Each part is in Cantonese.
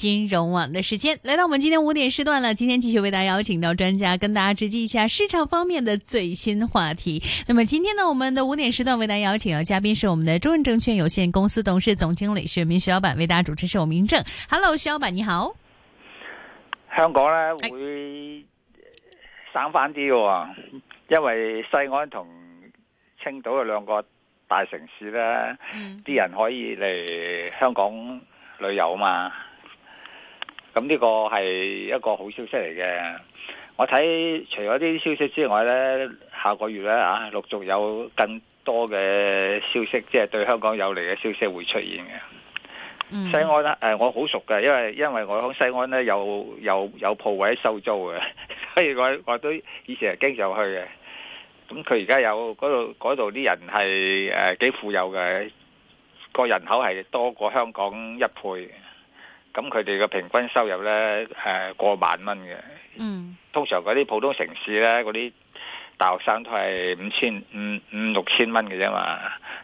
金融網的時間來到我們今天五點時段了，今天繼續為大家邀請到專家跟大家直擊一下市場方面的最新話題。那麼今天呢，我們的五點時段為大家邀請嘅嘉賓是我們的中信證券有限公司董事總經理徐潤民徐老闆，為大家主持是我明正。Hello，徐老闆，你好。香港呢會省翻啲嘅，因為西安同青島有兩個大城市呢，啲、嗯、人可以嚟香港旅遊嘛。咁呢個係一個好消息嚟嘅。我睇除咗啲消息之外呢，下個月呢，啊，陸續有更多嘅消息，即係對香港有利嘅消息會出現嘅。Mm hmm. 西安咧，誒，我好熟嘅，因為因為我喺西安呢，有有有鋪位收租嘅， 所以我我都以前係經常去嘅。咁佢而家有嗰度嗰度啲人係誒幾富有嘅，個人口係多過香港一倍。咁佢哋嘅平均收入呢，誒、呃、過萬蚊嘅。嗯。通常嗰啲普通城市呢，嗰啲大學生都係五千五五六千蚊嘅啫嘛。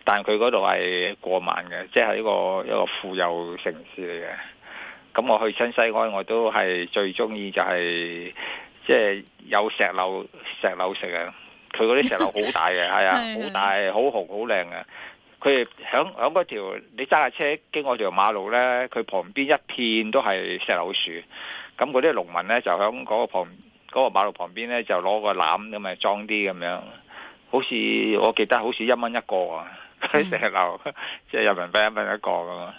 但佢嗰度係過萬嘅，即係一個一個富有城市嚟嘅。咁、嗯嗯、我去新西安，我都係最中意就係即係有石榴石榴食石 啊！佢嗰啲石榴好大嘅，係啊，好大，好紅，好靚啊！佢喺喺嗰條，你揸架車經過條馬路咧，佢旁邊一片都係石榴樹，咁嗰啲農民咧就喺嗰個旁嗰個馬路旁邊咧就攞個籃咁咪裝啲咁樣，好似我記得好似一蚊一個啊，石榴即係人民幣一蚊一個咁啊，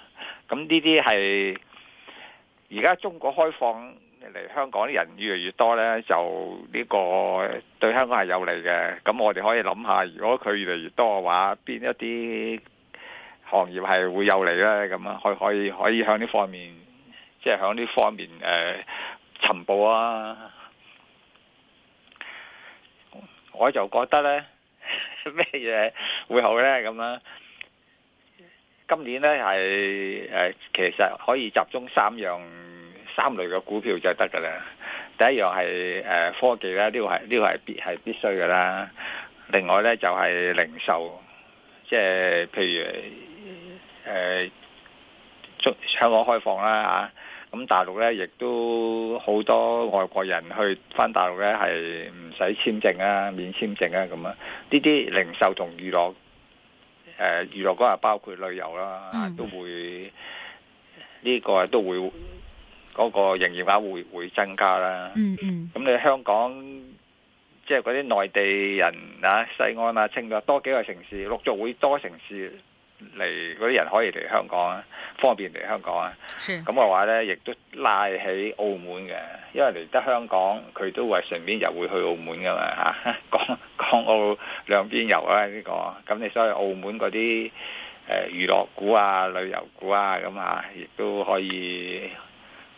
咁呢啲係而家中國開放。嚟香港啲人越嚟越多咧，就呢個對香港係有利嘅。咁我哋可以諗下，如果佢越嚟越多嘅話，邊一啲行業係會有利咧？咁樣可以，可可以可以向呢方面，即係向呢方面誒、呃，尋寶啊！我就覺得咧，咩嘢會好咧？咁樣今年咧係誒，其實可以集中三樣。三類嘅股票就得噶啦。第一樣係誒、呃、科技啦，呢個係呢個係必係必須噶啦。另外咧就係、是、零售，即係譬如誒、呃，香港開放啦嚇，咁、啊嗯、大陸咧亦都好多外國人去翻大陸咧係唔使簽證啊，免簽證啊咁啊。呢啲零售同娛樂，誒、呃、娛樂嗰個包括旅遊啦，啊、都會呢、呢個都會。嗰個營業額會會增加啦。嗯嗯、mm。咁、hmm. 你香港即係嗰啲內地人啊，西安啊、青島多幾個城市，陸續會多城市嚟嗰啲人可以嚟香港啊，方便嚟香港啊。是。咁嘅話呢，亦都拉起澳門嘅，因為嚟得香港，佢都係順便又會去澳門噶嘛嚇。港、啊、港澳兩邊遊啊，呢、這個。咁你所以澳門嗰啲誒娛樂股啊、旅遊股啊咁啊，亦都可以。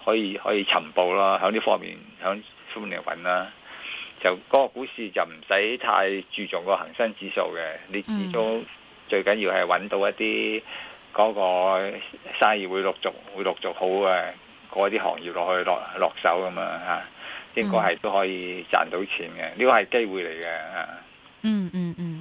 可以可以尋寶啦，喺呢方面，喺出面嚟揾啦。就嗰、嗰個股市就唔使太注重個恒生指數嘅，你都、mm hmm. 最緊要係揾到一啲嗰、嗰個生意會陸續會陸續好嘅嗰啲行業去落去落落手咁嘛。嚇、啊，應該係都可以賺到錢嘅，呢、這個係機會嚟嘅嚇。嗯嗯嗯。Mm hmm.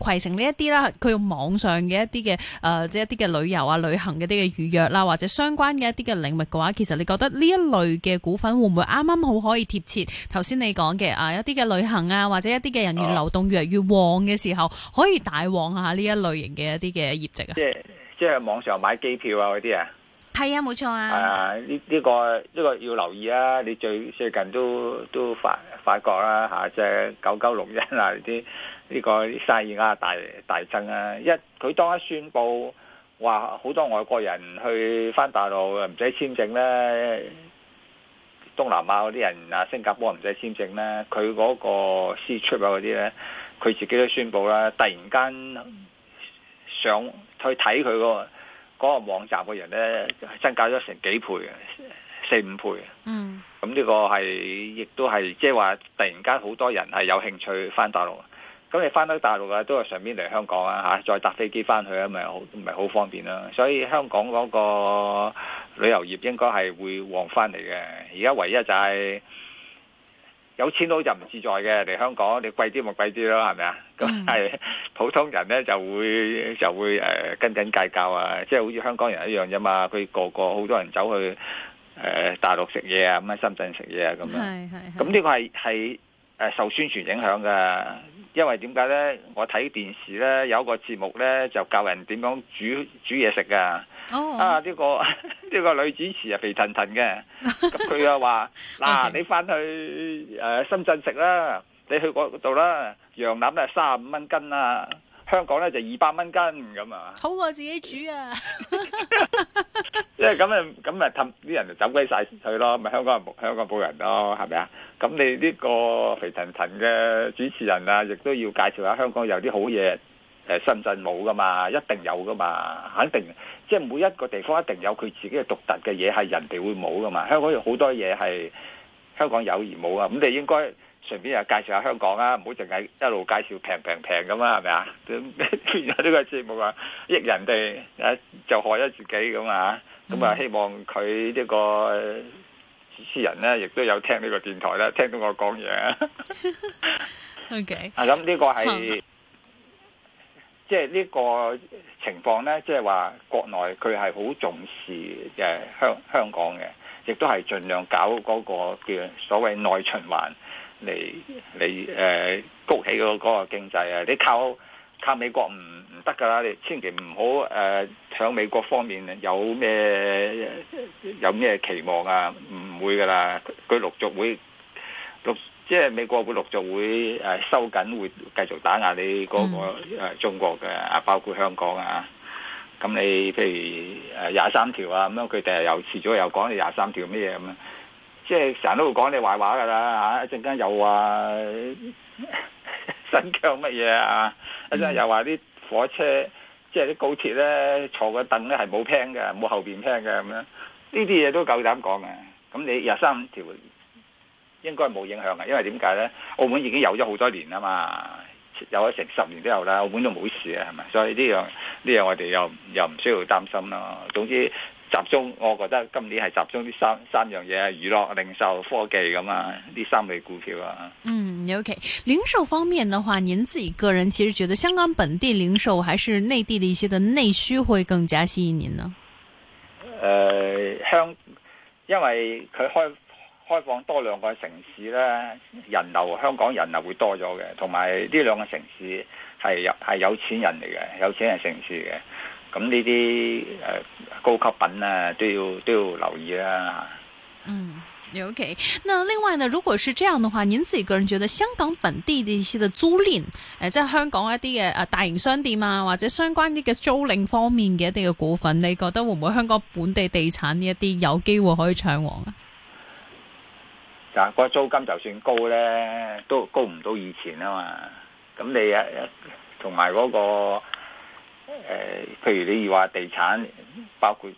携程呢一啲啦，佢用網上嘅一啲嘅，誒，即係一啲嘅旅遊啊、旅行嘅啲嘅預約啦，或者相關嘅一啲嘅領域嘅話，其實你覺得呢一類嘅股份會唔會啱啱好可以貼切頭先你講嘅啊，一啲嘅旅行啊，或者一啲嘅人員流動越嚟越旺嘅時候，可以大旺下呢一類型嘅一啲嘅業績啊？即係即係網上買機票啊嗰啲啊？係啊，冇錯啊！啊呢呢個呢個要留意啊！你最最近都都發發覺啦嚇，即係九九六一啊啲。就是狗狗呢個生意啊，大大增啊！一佢當一宣佈話好多外國人去翻大陸唔使簽證咧，嗯、東南亞嗰啲人啊，新加坡唔使簽證咧，佢嗰個 C-Trip 啊嗰啲咧，佢自己都宣佈啦。突然間上去睇佢個嗰個網站嘅人咧，增加咗成幾倍啊四五倍。嗯，咁呢個係亦都係即係話，突然間好多人係有興趣翻大陸。咁你翻到大陸啊，都係上邊嚟香港啊，嚇再搭飛機翻去啊，咪好唔係好方便啦。所以香港嗰個旅遊業應該係會旺翻嚟嘅。而家唯一就係有錢佬就唔自在嘅嚟香港，你貴啲咪貴啲咯，係咪啊？咁係普通人咧就會就會誒、呃、跟緊計較啊，即係好似香港人一樣啫嘛。佢個個好多人走去誒、呃、大陸食嘢啊，咁喺深圳食嘢啊，咁樣。係係。咁呢個係係誒受宣傳影響嘅。因為點解呢？我睇電視呢，有個節目呢，就教人點樣煮煮嘢食㗎。Oh, oh. 啊，呢、呢個呢、呢個女主持係肥騰騰嘅，佢又話：嗱、啊，Okay. 你返去、呃、深圳食啦，你去嗰度啦，羊腩係三十五蚊斤啦、啊。香港呢就二百蚊斤咁啊，好過自己煮啊！即係咁啊，咁咪氹啲人就走鬼晒去咯，咪香港人，香港冇人咯，係咪啊？咁你呢個肥騰騰嘅主持人啊，亦都要介紹下香港有啲好嘢，誒深圳冇噶嘛，一定有噶嘛，肯定。即係每一個地方一定有佢自己嘅獨特嘅嘢，係人哋會冇噶嘛。香港有好多嘢係香港有而冇啊，咁你應該。順便又介紹下香港啦，唔好淨係一路介紹平平平咁啦，係咪啊？出呢 個節目話益人哋，誒就害咗自己咁啊？咁啊，希望佢呢個主持人呢，亦都有聽呢個電台啦，聽到我講嘢。O K。啊，咁呢個係即係呢個情況呢，即係話國內佢係好重視誒香香港嘅，亦都係盡量搞嗰個叫所謂內循環。嚟嚟誒，谷起個嗰個經濟啊！你靠靠美國唔唔得㗎喇，你千祈唔好誒，向美國方面有咩有咩期望啊？唔會㗎喇，佢陸續會陸即係美國會陸續會誒、呃、收緊，會繼續打壓你嗰個中國嘅啊，包括香港啊。咁你譬如誒廿三條啊，咁樣佢第日又遲早又講你廿三條咩嘢咁樣啊？即係成日都會講你壞話噶啦嚇，一陣間又話 新疆乜嘢啊，一、啊、陣又話啲火車即係啲高鐵咧坐個凳咧係冇廳嘅，冇後邊廳嘅咁樣，呢啲嘢都夠膽講嘅。咁你廿三五條應該冇影響嘅，因為點解咧？澳門已經有咗好多年啦嘛，有咗成十年都有啦，澳門都冇事呀係咪？所以呢樣呢樣我哋又又唔需要擔心囉。總之。集中，我覺得今年係集中呢三三樣嘢啊，娛樂、零售、科技咁啊，呢三類股票啊。嗯，OK。零售方面的話，您自己個人其實覺得香港本地零售，還是內地的一些的內需會更加吸引您呢？誒，香，因為佢開開放多兩個城市呢，人流香港人流會多咗嘅，同埋呢兩個城市係有係有錢人嚟嘅，有錢人城市嘅。咁呢啲誒高級品啊，都要都要留意啦。嗯，OK。那另外呢，如果是這樣的話，徐 Sir 個人覺得香港本地啲，其實租賃誒，即係香港一啲嘅誒大型商店啊，或者相關啲嘅租賃方面嘅一啲嘅股份，你覺得會唔會香港本地地產呢一啲有機會可以暢旺啊？啊，個租金就算高呢，都高唔到以前啊嘛。咁你啊，同埋嗰個。誒、呃，譬如你要話地產包括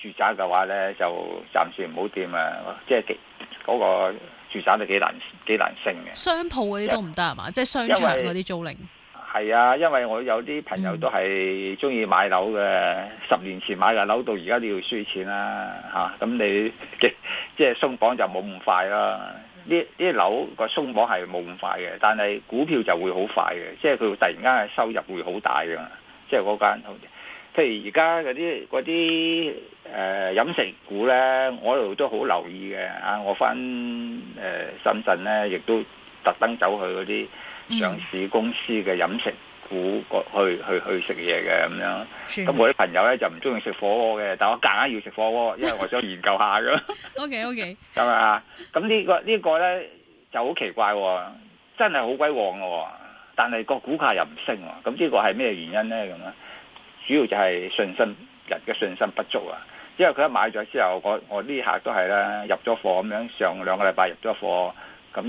住宅嘅話咧，就暫時唔好掂啊！即係嗰、嗰個住宅都幾難幾難升嘅。商鋪嗰啲都唔得係嘛？為即係商場嗰啲租賃。係啊，因為我有啲朋友都係中意買樓嘅。嗯、十年前買嘅樓到而家都要輸錢啦嚇。咁、啊、你即係鬆綁就冇咁快咯。呢啲、嗯、樓個鬆綁係冇咁快嘅，但係股票就會好快嘅，即係佢突然間嘅收入會好大㗎嘛。即係嗰間好似，譬如而家嗰啲嗰啲誒飲食股咧，我一路都好留意嘅啊！我翻誒深圳咧，亦都特登走去嗰啲上市公司嘅飲食股去、嗯、去去食嘢嘅咁樣。咁了我啲朋友咧就唔中意食火鍋嘅，但我夾硬要食火鍋，因為我想研究下㗎。O K O K，係嘛？咁、這、呢個呢個咧就好奇怪喎，真係好鬼旺嘅喎。但係個股價又唔升喎，咁呢個係咩原因呢？咁咧，主要就係信心人嘅信心不足啊。因為佢一買咗之後，我我啲客都係啦，入咗貨咁樣上兩個禮拜入咗貨，咁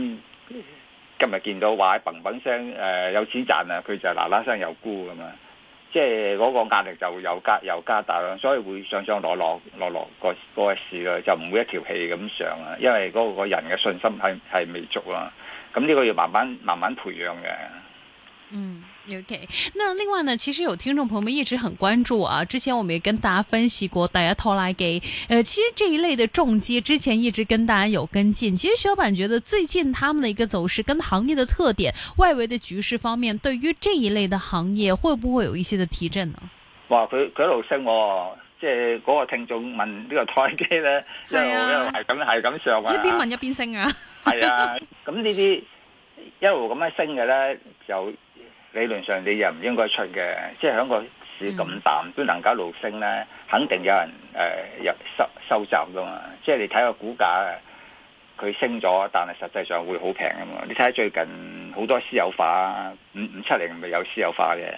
今日見到話砰砰聲，誒、呃、有錢賺啊，佢就嗱嗱聲又沽咁啊，即係嗰個壓力就又加又加大咯，所以會上上落落落落個個市咯，就唔會一條氣咁上啊，因為嗰個人嘅信心係係未足啊。咁呢個要慢慢慢慢培養嘅。嗯，OK，那另外呢，其實有聽眾朋友們一直很關注啊，之前我們也跟大家分析過，第一拖拉機，誒、呃，其實這一類的重機之前一直跟大家有跟進。其實小板覺得最近他們的一個走勢跟行業的特點、外圍的局勢方面，對於這一類的行業會不會有一些的提振呢？哇，佢佢一路升，哦，即係嗰個聽眾問個呢個拖拉機咧，就係咁係咁上啊。一邊問一邊升啊？係 啊，咁呢啲一路咁樣升嘅咧就。理論上你又唔應該出嘅，即係喺個市咁淡都能夠一路升咧，肯定有人誒入、呃、收收集噶嘛。即係你睇個股價，佢升咗，但係實際上會好平噶嘛。你睇下最近好多私有化，五五七零咪有私有化嘅，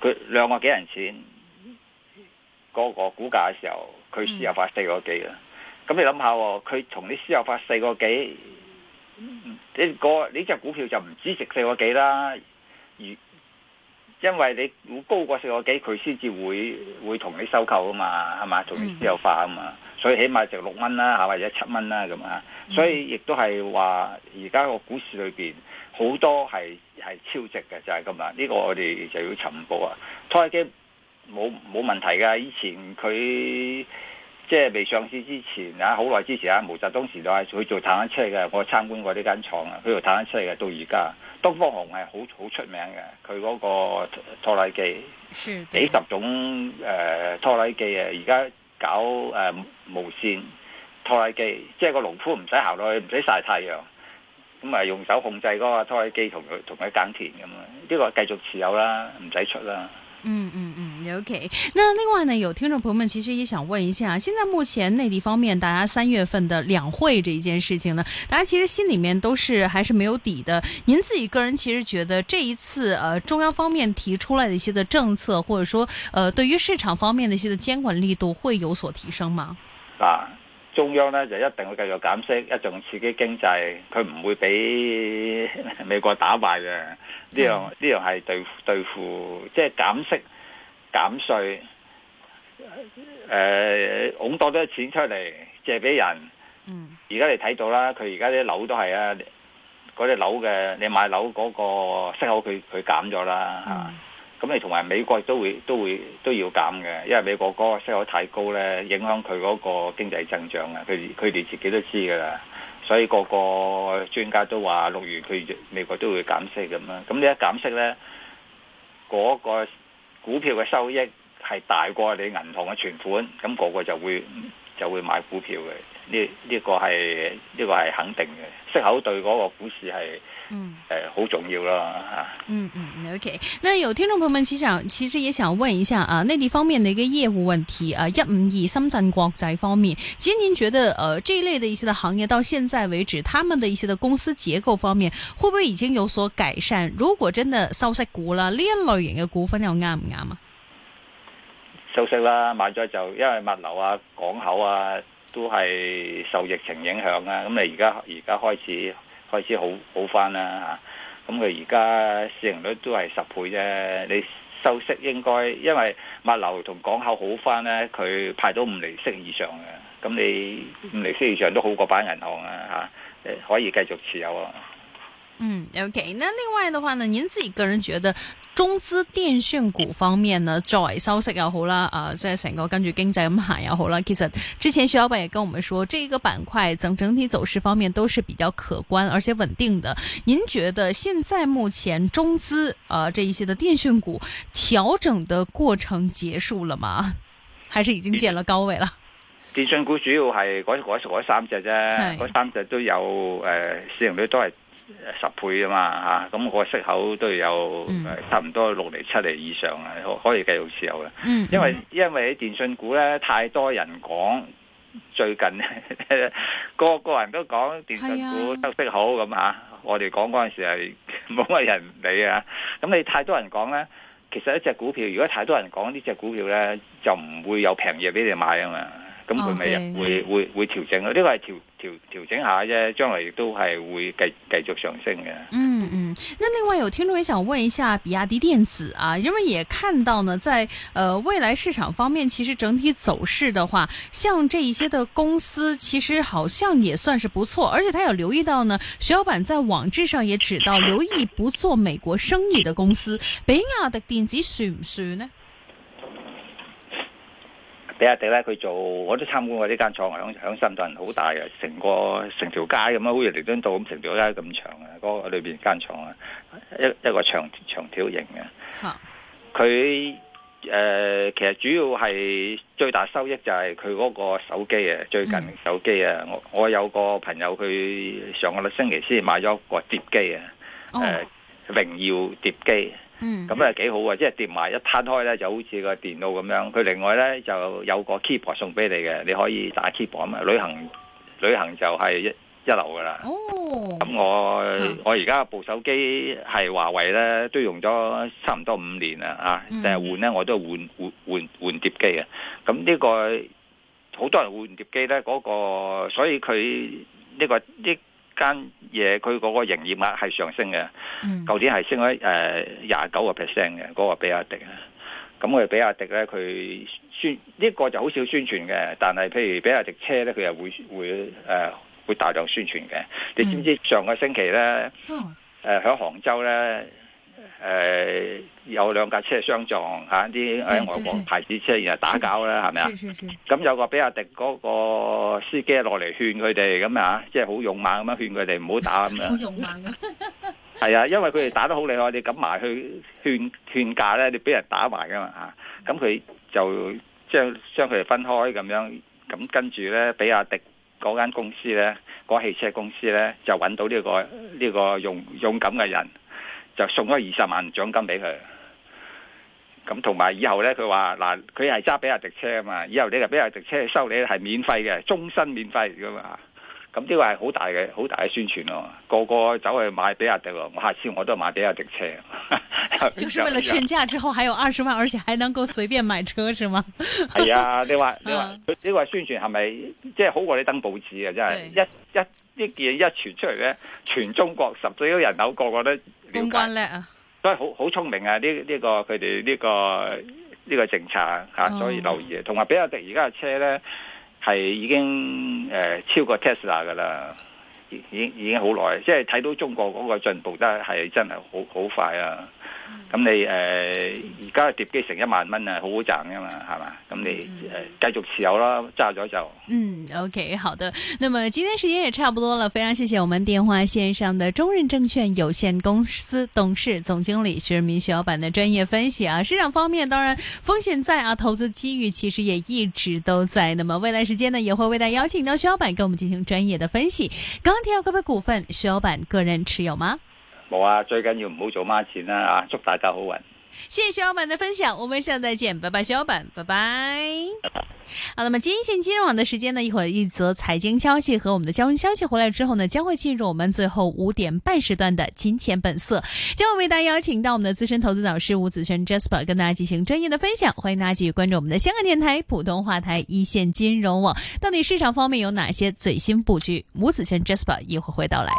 佢兩個幾人錢個、那個股價嘅時候，佢私有化四個幾啦。咁你諗下，佢同你私有化四個幾，你、這個呢隻、這個、股票就唔止值四個幾啦。如，因為你高過四個幾，佢先至會會同你收購啊嘛，係嘛，同你私有化啊嘛，所以起碼值六蚊啦，吓或者七蚊啦咁啊，所以亦都係話而家個股市裏邊好多係係超值嘅，就係咁啊，呢個我哋就要尋寶啊，拖機冇冇問題噶，以前佢，即係未上市之前啊，好耐之前啊，毛澤東時代佢做坦克車嘅，我參觀過呢間廠啊，佢做坦克車嘅，到而家東方紅係好好出名嘅，佢嗰個拖拉機，幾十種誒拖拉機啊，而家搞誒、呃、無線拖拉機，即係個農夫唔使行落去，唔使曬太陽，咁啊用手控制嗰個拖拉機同佢同佢耕田咁啊，呢、呢個繼續持有啦，唔使出啦。嗯嗯嗯。嗯嗯。OK，那另外呢，有聽眾朋友們其實也想問一下，現在目前內地方面，大家三月份的兩會這一件事情呢，大家其實心裏面都是還是沒有底的。您自己個人其實覺得這一次，呃，中央方面提出來的一些的政策，或者說，呃，對於市場方面的一些的監管力度會有所提升嗎？嗱、啊，中央呢就一定會繼續減息，一種刺激經濟，佢唔會俾美國打敗嘅。呢樣呢樣係對對付，對付即係減息。減稅，誒、呃，多啲錢出嚟，借俾人。嗯。而家你睇到啦，佢而家啲樓都係啊，嗰啲樓嘅你買樓嗰個息口佢佢減咗啦。嗯、啊。咁你同埋美國都會都會都要減嘅，因為美國嗰個息口太高呢，影響佢嗰個經濟增長啊。佢佢哋自己都知㗎喇。所以個個專家都話六月佢美國都會減息咁啦。咁你一減息呢，嗰、那個。股票嘅收益係大過你銀行嘅存款，咁、那個個就會。就會買股票嘅，呢呢、這個係呢、這個係肯定嘅，息口對嗰個股市係，誒好、嗯呃、重要啦吓、嗯。嗯嗯，OK。那有聽眾朋友們其實其實也想問一下啊，內地方面嘅一個業務問題啊，一五二深圳國際方面，其實您覺得誒、呃，這一類的一些的行業到現在為止，他們的一些的公司結構方面，會不會已經有所改善？如果真的收息股啦，呢一類型嘅股份又啱唔啱啊？收息啦，買咗就因為物流啊、港口啊都係受疫情影響啊，咁你而家而家開始開始好好翻啦嚇，咁佢而家市盈率都係十倍啫，你收息應該因為物流同港口好翻咧，佢派到五厘息以上嘅，咁你五厘息以上都好過擺銀行啊嚇，誒、啊、可以繼續持有咯、啊。嗯，OK，那另外的話呢，您自己個人覺得中資電訊股方面呢，在收息又好啦，誒、呃，即係成個根據經濟咁行又好啦，其實，之前徐老闆也跟我們說，呢、這、一個板塊整整體走勢方面都是比較可觀而且穩定的。您覺得現在目前中資啊、呃，這一些的電訊股調整的過程結束了嗎？還是已經見了高位啦？電訊股主要係嗰嗰三隻啫，嗰 三隻都有誒、呃、市盈率都係。十倍嘛，啊嘛嚇，咁我息口都有差唔多六厘七厘以上啊，可以繼續持有啦。因為因為喺電信股咧，太多人講，最近呵呵，個個人都講電信股得息好咁嚇。啊啊、我哋講嗰陣時係冇乜人理啊。咁你太多人講咧，其實一隻股票如果太多人講呢隻股票咧，就唔會有平嘢俾你買啊嘛。咁佢咪會會會調整咯？呢個係調調調整下啫，將來亦都係會繼繼續上升嘅。嗯嗯，那另外有聽眾也想問一下比亞迪電子啊，因為也看到呢，在呃未來市場方面，其實整體走勢的話，像這一些的公司，其實好像也算是不錯，而且他有留意到呢，徐老闆在網誌上也指到，留意不做美國生意的公司，比亞迪電子算唔算呢？睇阿睇咧，佢做我都參觀過呢間廠，響響深圳好大嘅，成個成條街咁啊，好似彌敦道咁，成條街咁長啊，嗰裏邊間廠啊，一一個長長條形嘅。嚇、啊！佢誒、呃，其實主要係最大收益就係佢嗰個手機啊，最近手機啊，我、嗯、我有個朋友佢上個星期先買咗一個折機啊，誒、呃 oh。榮耀碟機。嗯，咁啊幾好啊！即係疊埋一攤開咧，就好似個電腦咁樣。佢另外咧就有個 keyboard 送俾你嘅，你可以打 keyboard 啊嘛。旅行旅行就係一一流㗎喇。哦，咁、嗯、我我而家部手機係華為咧，都用咗差唔多五年啦啊！但係、嗯、換咧，我都換換換換碟機啊。咁、嗯、呢、嗯呢個好多人換碟機咧、嗰個，嗰個所以佢呢、呢個呢。間嘢佢嗰個營業額係上升嘅，嗯、舊年係升咗誒廿九個 percent 嘅，嗰、呃，那個比亞迪啊，咁、那、佢、個、比亞迪咧佢宣呢、這個就好少宣傳嘅，但係譬如比亞迪車咧佢又會會誒、呃、會大量宣傳嘅，你知唔知上個星期咧誒喺杭州咧？誒，有兩架車相撞，吓啲喺外國牌子車然後打交啦，係咪啊？咁有個比亞迪嗰個司機落嚟勸佢哋，咁啊，即係好勇猛咁樣勸佢哋唔好打咁樣。好勇猛噶，係啊，因為佢哋打得好厲害，你咁埋去勸勸架咧，你俾人打埋噶嘛吓。咁佢就將將佢哋分開咁樣，咁跟住咧，比亞迪嗰間公司咧，嗰汽車公司咧，就揾到呢個呢個勇勇敢嘅人。就送咗二十萬獎金俾佢，咁同埋以後咧，佢話嗱，佢係揸比亞迪車啊嘛，以後你又比亞迪車收你係免費嘅，終身免費㗎嘛。這這」咁呢個係好大嘅，好大嘅宣傳咯，個個走去買比亞迪喎，我下次我都買比亞迪車。就是為了勸架之後還有二十萬，而且還能夠隨便買車是嗎？係 啊，你話你話呢 個宣傳係咪即係好過你登報紙啊？真係對一一呢件一傳出嚟咧，全中國十億人口個，個個都。點解叻啊！都係好好聰明啊！呢、這、呢個佢哋呢個呢、這個這個這個政策啊，所以留意。同埋比亞迪而家嘅車咧係已經誒、呃、超過 Tesla 嘅啦，已已已經好耐。即係睇到中國嗰個進步得係真係好好快啊！咁你誒而家跌機成一萬蚊啊，好好賺噶嘛，係嘛？咁你誒繼續持有啦，揸咗就。嗯，OK，好的。那麼今天時間也差不多了，非常謝謝我們電話線上的中潤證券有限公司董事總經理徐潤民徐老闆的專業分析啊。市場方面當然風險在啊，投資機遇其實也一直都在。那麼未來時間呢，也會為大家邀請到徐老闆跟我們進行專業的分析。剛剛提到嘅股份，徐老闆個人持有嗎？冇啊！最緊要唔好做孖錢啦啊！祝大家好運。謝謝小伙伴的分享，我們下次再見，拜拜，小伙伴，拜拜。拜拜。好，咁啊，今天一線金融網的時間呢，一會兒一則財經消息和我們的交通消息回來之後呢，將會進入我們最後五點半時段的金錢本色，將會為大家邀請到我們的資深投資導師伍子軒 Jasper 跟大家進行專業的分享。歡迎大家繼續關注我們的香港電台普通話台一線金融網。到底市場方面有哪些最新布局？伍子軒 Jasper 一會兒會到來。